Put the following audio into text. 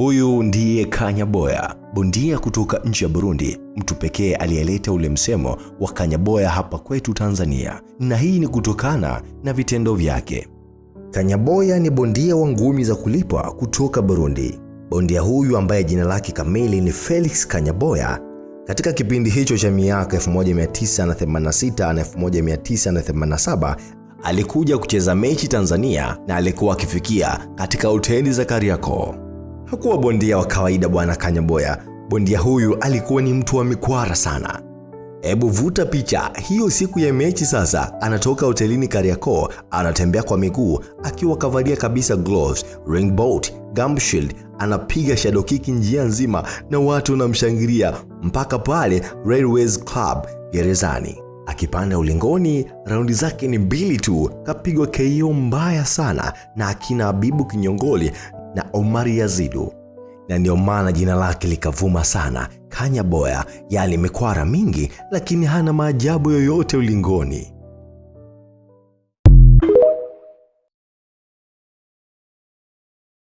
Huyu ndiye Kanyaboya, bondia kutoka nchi ya Burundi, mtu pekee aliyeleta ule msemo wa Kanyaboya hapa kwetu Tanzania, na hii ni kutokana na vitendo vyake. Kanyaboya ni bondia wa ngumi za kulipwa kutoka Burundi. Bondia huyu ambaye jina lake kamili ni Felix Kanyaboya katika kipindi hicho cha miaka 1986 na 1987 alikuja kucheza mechi Tanzania na alikuwa akifikia katika hoteli za Kariakoo hakuwa bondia wa kawaida bwana Kanyaboya. Bondia huyu alikuwa ni mtu wa mikwara sana. Hebu vuta picha hiyo siku ya mechi. Sasa anatoka hotelini Kariakoo, anatembea kwa miguu akiwa kavalia kabisa gloves, ring bolt, gum shield, anapiga shadow kick njia nzima na watu wanamshangilia mpaka pale Railways Club gerezani. Akipanda ulingoni, raundi zake ni mbili tu, kapigwa KO mbaya sana na akina Abibu Kinyongoli na Omari Yazidu, na ndio maana jina lake likavuma sana kanya boya yaani mikwara mingi, lakini hana maajabu yoyote ulingoni.